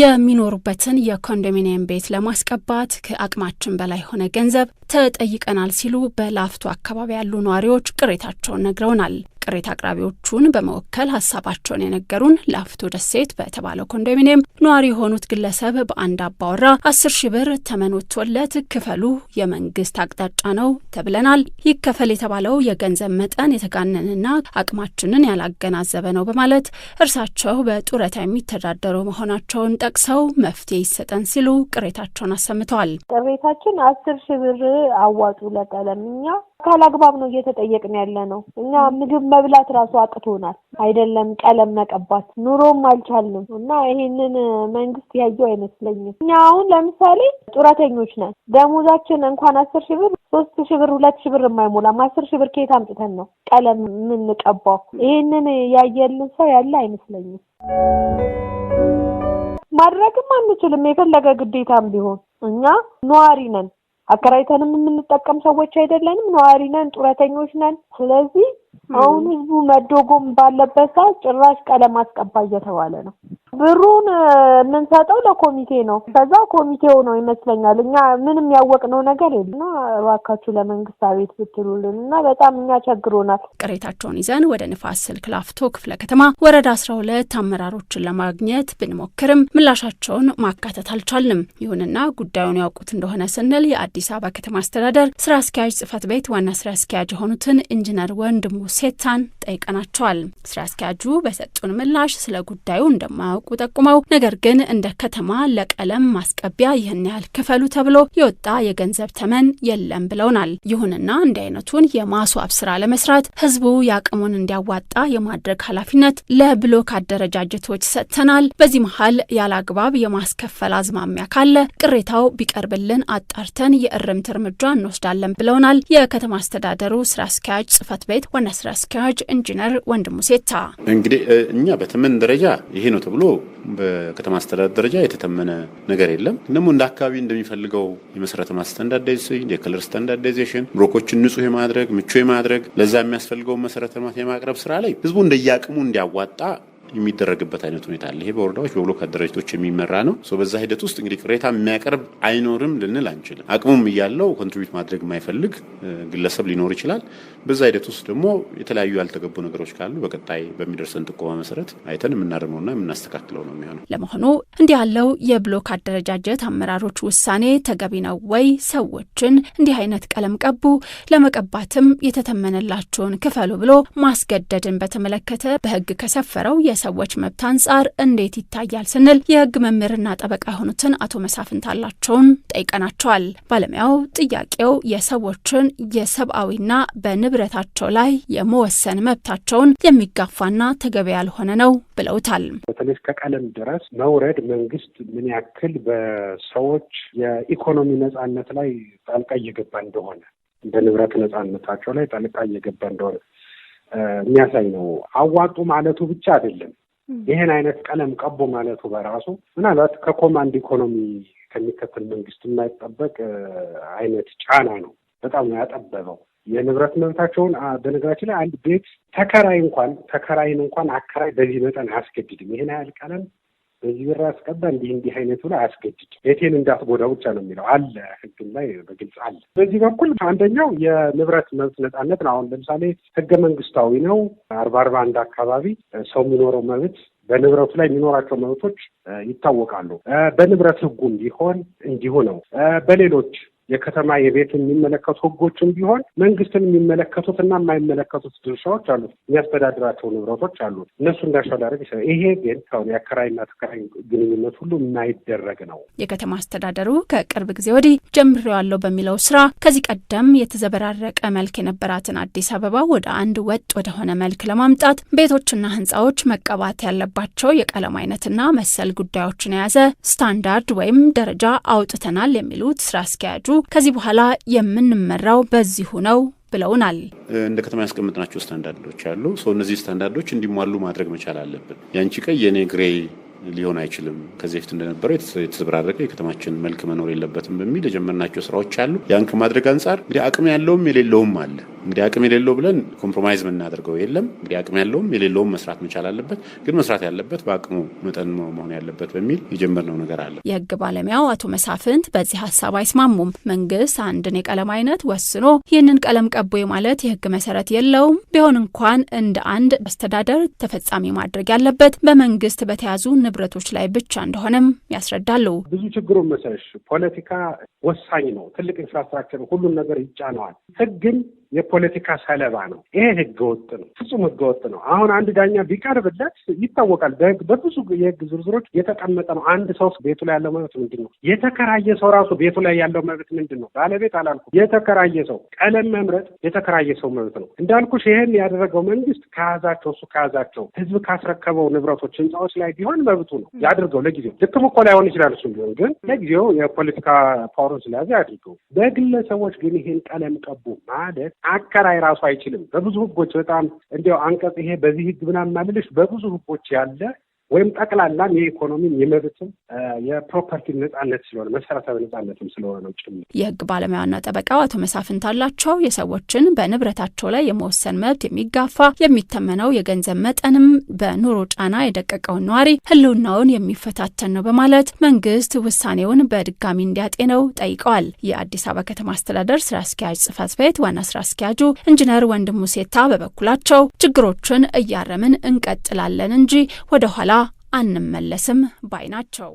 የሚኖሩበትን የኮንዶሚኒየም ቤት ለማስቀባት ከአቅማችን በላይ የሆነ ገንዘብ ተጠይቀናል ሲሉ በላፍቶ አካባቢ ያሉ ነዋሪዎች ቅሬታቸውን ነግረውናል። ቅሬታ አቅራቢዎቹን በመወከል ሀሳባቸውን የነገሩን ላፍቶ ደሴት በተባለው ኮንዶሚኒየም ነዋሪ የሆኑት ግለሰብ በአንድ አባወራ አስር ሺ ብር ተመን ወጥቶለት ክፈሉ የመንግስት አቅጣጫ ነው ተብለናል። ይከፈል የተባለው የገንዘብ መጠን የተጋነንና አቅማችንን ያላገናዘበ ነው በማለት እርሳቸው በጡረታ የሚተዳደሩ መሆናቸውን ጠቅሰው መፍትሄ ይሰጠን ሲሉ ቅሬታቸውን አሰምተዋል። ቅሬታችን አስር ሺ ብር አዋጡ ለቀለምኛ ካላግባብ ነው እየተጠየቅን ያለ ነው እኛ ምግብ መብላት ራሱ አቅቶናል፣ አይደለም ቀለም መቀባት ኑሮም አልቻልንም እና ይሄንን መንግስት ያየው አይመስለኝም። እኛ አሁን ለምሳሌ ጡረተኞች ነን። ደሞዛችን እንኳን አስር ሺህ ብር ሶስት ሺህ ብር ሁለት ሺህ ብር የማይሞላም አስር ሺህ ብር ከየት አምጥተን ነው ቀለም የምንቀባው? ይሄንን ያየልን ሰው ያለ አይመስለኝም። ማድረግም አንችልም የፈለገ ግዴታም ቢሆን እኛ ነዋሪ ነን። አከራይተንም የምንጠቀም ሰዎች አይደለንም። ነዋሪ ነን፣ ጡረተኞች ነን። ስለዚህ አሁን ህዝቡ መዶጎም ባለበት ሰዓት ጭራሽ ቀለም አስቀባ እየተባለ ነው። ብሩን የምንሰጠው ለኮሚቴ ነው። ከዛ ኮሚቴው ነው ይመስለኛል። እኛ ምንም ያወቅነው ነገር የለም እና እባካችሁ ለመንግስት አቤት ብትሉልን እና በጣም እኛ ቸግሮናል። ቅሬታቸውን ይዘን ወደ ንፋስ ስልክ ላፍቶ ክፍለ ከተማ ወረዳ አስራ ሁለት አመራሮችን ለማግኘት ብንሞክርም ምላሻቸውን ማካተት አልቻልንም። ይሁንና ጉዳዩን ያውቁት እንደሆነ ስንል የአዲስ አበባ ከተማ አስተዳደር ስራ አስኪያጅ ጽህፈት ቤት ዋና ስራ አስኪያጅ የሆኑትን ኢንጂነር ወንድሙ ሴታን ጠይቀናቸዋል። ስራ አስኪያጁ በሰጡን ምላሽ ስለ ጉዳዩ እንደማያውቁ ጠቁመው ነገር ግን እንደ ከተማ ለቀለም ማስቀቢያ ይህን ያህል ክፈሉ ተብሎ የወጣ የገንዘብ ተመን የለም ብለውናል። ይሁንና እንዲህ አይነቱን የማስዋብ ስራ ለመስራት ህዝቡ የአቅሙን እንዲያዋጣ የማድረግ ኃላፊነት ለብሎክ አደረጃጀቶች ሰጥተናል። በዚህ መሀል ያለ አግባብ የማስከፈል አዝማሚያ ካለ ቅሬታው ቢቀርብልን አጣርተን የእርምት እርምጃ እንወስዳለን ብለውናል። የከተማ አስተዳደሩ ስራ አስኪያጅ ጽህፈት ቤት ዋና ስራ አስኪያጅ ኢንጂነር ወንድሙ ሴታ እንግዲህ እኛ በተመን ደረጃ ይሄ ነው ተብሎ በከተማ አስተዳደር ደረጃ የተተመነ ነገር የለም። ደግሞ እንደ አካባቢ እንደሚፈልገው የመሰረተ ልማት ስታንዳርዳይዜሽን፣ የከለር ስታንዳርዳይዜሽን፣ ብሮኮችን ንጹህ የማድረግ ምቹ የማድረግ ለዛ የሚያስፈልገውን መሰረተ ልማት የማቅረብ ስራ ላይ ህዝቡ እንደየአቅሙ እንዲያዋጣ የሚደረግበት አይነት ሁኔታ አለ። ይሄ በወረዳዎች በብሎክ አደራጅቶች የሚመራ ነው። በዛ ሂደት ውስጥ እንግዲህ ቅሬታ የሚያቀርብ አይኖርም ልንል አንችልም። አቅሙም እያለው ኮንትሪቢዩት ማድረግ የማይፈልግ ግለሰብ ሊኖር ይችላል። በዛ ሂደት ውስጥ ደግሞ የተለያዩ ያልተገቡ ነገሮች ካሉ በቀጣይ በሚደርሰን ጥቆማ መሰረት አይተን የምናርመውና የምናስተካክለው ነው የሚሆነው። ለመሆኑ እንዲህ ያለው የብሎክ አደረጃጀት አመራሮች ውሳኔ ተገቢ ነው ወይ? ሰዎችን እንዲህ አይነት ቀለም ቀቡ፣ ለመቀባትም የተተመነላቸውን ክፈሉ ብሎ ማስገደድን በተመለከተ በህግ ከሰፈረው ሰዎች መብት አንጻር እንዴት ይታያል ስንል የህግ መምህርና ጠበቃ የሆኑትን አቶ መሳፍንት አላቸውን ጠይቀናቸዋል። ባለሙያው ጥያቄው የሰዎችን የሰብአዊና በንብረታቸው ላይ የመወሰን መብታቸውን የሚጋፋና ተገቢ ያልሆነ ነው ብለውታል። በተለይ እስከ ቀለም ድረስ መውረድ መንግስት ምን ያክል በሰዎች የኢኮኖሚ ነጻነት ላይ ጣልቃ እየገባ እንደሆነ፣ በንብረት ነጻነታቸው ላይ ጣልቃ እየገባ እንደሆነ የሚያሳይ ነው። አዋጡ ማለቱ ብቻ አይደለም። ይህን አይነት ቀለም ቀቦ ማለቱ በራሱ ምናልባት ከኮማንድ ኢኮኖሚ ከሚከተል መንግስት የማይጠበቅ አይነት ጫና ነው። በጣም ነው ያጠበበው። የንብረት መብታቸውን በነገራችን ላይ አንድ ቤት ተከራይ እንኳን ተከራይን እንኳን አከራይ በዚህ መጠን አያስገድድም። ይህን ያህል ቀለም በዚህ ብር አስቀባ እንዲህ እንዲህ አይነቱ ላይ አስገድድ ቤቴን እንዳትጎዳ ብቻ ነው የሚለው አለ ህግም ላይ በግልጽ አለ። በዚህ በኩል አንደኛው የንብረት መብት ነጻነት ነው። አሁን ለምሳሌ ህገ መንግስታዊ ነው። አርባ አርባ አንድ አካባቢ ሰው የሚኖረው መብት በንብረቱ ላይ የሚኖራቸው መብቶች ይታወቃሉ። በንብረት ህጉም ቢሆን እንዲሁ ነው። በሌሎች የከተማ የቤት የሚመለከቱ ህጎችም ቢሆን መንግስትን የሚመለከቱት እና የማይመለከቱት ድርሻዎች አሉት፣ የሚያስተዳድራቸው ንብረቶች አሉት። እነሱ እንዳሻው ሊያደርግ ይችላል። ይሄ ግን ሁን የአከራይና ተከራይ ግንኙነት ሁሉ የማይደረግ ነው። የከተማ አስተዳደሩ ከቅርብ ጊዜ ወዲህ ጀምሬዋለሁ በሚለው ስራ ከዚህ ቀደም የተዘበራረቀ መልክ የነበራትን አዲስ አበባ ወደ አንድ ወጥ ወደሆነ መልክ ለማምጣት ቤቶችና ህንፃዎች መቀባት ያለባቸው የቀለም አይነትና መሰል ጉዳዮችን የያዘ ስታንዳርድ ወይም ደረጃ አውጥተናል የሚሉት ስራ አስኪያጁ ከዚህ በኋላ የምንመራው በዚሁ ነው ብለውናል። እንደ ከተማ ያስቀምጥናቸው ስታንዳርዶች አሉ። እነዚህ ስታንዳርዶች እንዲሟሉ ማድረግ መቻል አለብን። ያንቺ ቀይ የኔ ግሬ ሊሆን አይችልም፣ ከዚህ በፊት እንደነበረው የተዘበራረቀ የከተማችን መልክ መኖር የለበትም በሚል የጀመርናቸው ስራዎች አሉ። ያን ከማድረግ አንጻር እንግዲህ አቅም ያለውም የሌለውም አለ። እንግዲህ አቅም የሌለው ብለን ኮምፕሮማይዝ የምናደርገው የለም። እንግዲህ አቅም ያለውም የሌለውም መስራት መቻል አለበት፣ ግን መስራት ያለበት በአቅሙ መጠን መሆን ያለበት በሚል የጀመርነው ነገር አለ። የህግ ባለሙያው አቶ መሳፍንት በዚህ ሀሳብ አይስማሙም። መንግስት አንድን የቀለም አይነት ወስኖ ይህንን ቀለም ቀቦ ማለት የህግ መሰረት የለውም። ቢሆን እንኳን እንደ አንድ አስተዳደር ተፈጻሚ ማድረግ ያለበት በመንግስት በተያዙ ንብረቶች ላይ ብቻ እንደሆነም ያስረዳሉ። ብዙ ችግሩን መሰለሽ ፖለቲካ ወሳኝ ነው። ትልቅ ኢንፍራስትራክቸር ሁሉን ነገር ይጫነዋል። ህግን የፖለቲካ ሰለባ ነው። ይሄ ህገወጥ ነው፣ ፍጹም ህገወጥ ነው። አሁን አንድ ዳኛ ቢቀርብለት ይታወቃል። በብዙ የህግ ዝርዝሮች የተቀመጠ ነው። አንድ ሰው ቤቱ ላይ ያለው መብት ምንድን ነው? የተከራየ ሰው ራሱ ቤቱ ላይ ያለው መብት ምንድን ነው? ባለቤት አላልኩ፣ የተከራየ ሰው ቀለም መምረጥ የተከራየ ሰው መብት ነው። እንዳልኩሽ ይህን ያደረገው መንግስት ከያዛቸው እሱ ከያዛቸው ህዝብ ካስረከበው ንብረቶች፣ ህንፃዎች ላይ ቢሆን መብቱ ነው ያድርገው። ለጊዜው ልክም እኮ ላይሆን ይችላል። እሱ ቢሆን ግን ለጊዜው የፖለቲካ ፓወሩን ስለያዘ ያድርገው። በግለሰቦች ግን ይህን ቀለም ቀቡ ማለት አከራይ ራሱ አይችልም። በብዙ ህጎች በጣም እንዲያው አንቀጽ ይሄ በዚህ ህግ ምናምን ማለልሽ በብዙ ህጎች ያለ ወይም ጠቅላላም የኢኮኖሚም የመብትም የፕሮፐርቲ ነጻነት ስለሆነ መሰረታዊ ነጻነትም ስለሆነ ነው ጭምር። የህግ ባለሙያና ጠበቃው አቶ መሳፍንት አላቸው የሰዎችን በንብረታቸው ላይ የመወሰን መብት የሚጋፋ የሚተመነው የገንዘብ መጠንም በኑሮ ጫና የደቀቀውን ነዋሪ ህልውናውን የሚፈታተን ነው በማለት መንግስት ውሳኔውን በድጋሚ እንዲያጤነው ጠይቀዋል። የአዲስ አበባ ከተማ አስተዳደር ስራ አስኪያጅ ጽህፈት ቤት ዋና ስራ አስኪያጁ ኢንጂነር ወንድሙ ሴታ በበኩላቸው ችግሮችን እያረምን እንቀጥላለን እንጂ ወደኋላ አንመለስም ባይ ናቸው።